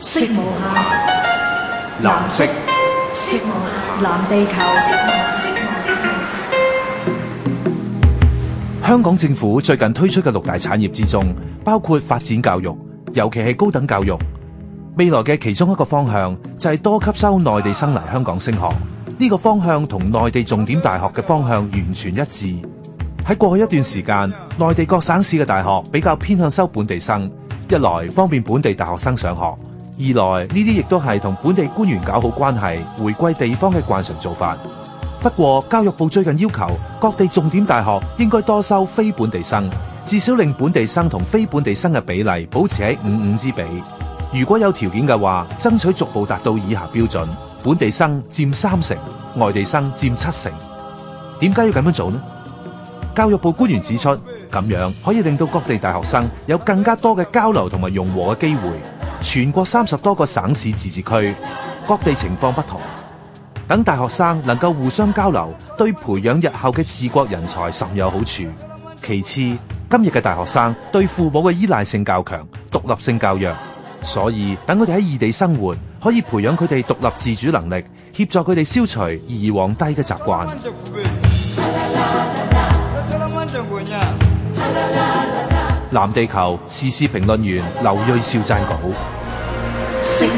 色無限，藍色。色無限，藍地球。香港政府最近推出嘅六大產業之中，包括發展教育，尤其係高等教育。未來嘅其中一個方向就係、是、多吸收內地生嚟香港升學。呢、這個方向同內地重點大學嘅方向完全一致。喺過去一段時間，內地各省市嘅大學比較偏向收本地生，一來方便本地大學生上學。二來，呢啲亦都係同本地官員搞好關係、回歸地方嘅慣常做法。不過，教育部最近要求各地重點大學應該多收非本地生，至少令本地生同非本地生嘅比例保持喺五五之比。如果有條件嘅話，爭取逐步達到以下標準：本地生占三成，外地生占七成。點解要咁樣做呢？教育部官員指出，咁樣可以令到各地大學生有更加多嘅交流同埋融和嘅機會。全國三十多個省市自治區，各地情況不同。等大學生能夠互相交流，對培養日後嘅治國人才甚有好處。其次，今日嘅大學生對父母嘅依賴性較強，獨立性較弱，所以等佢哋喺異地生活，可以培養佢哋獨立自主能力，協助佢哋消除以往低嘅習慣。 藍地球時事評論員劉銳紹撰稿。息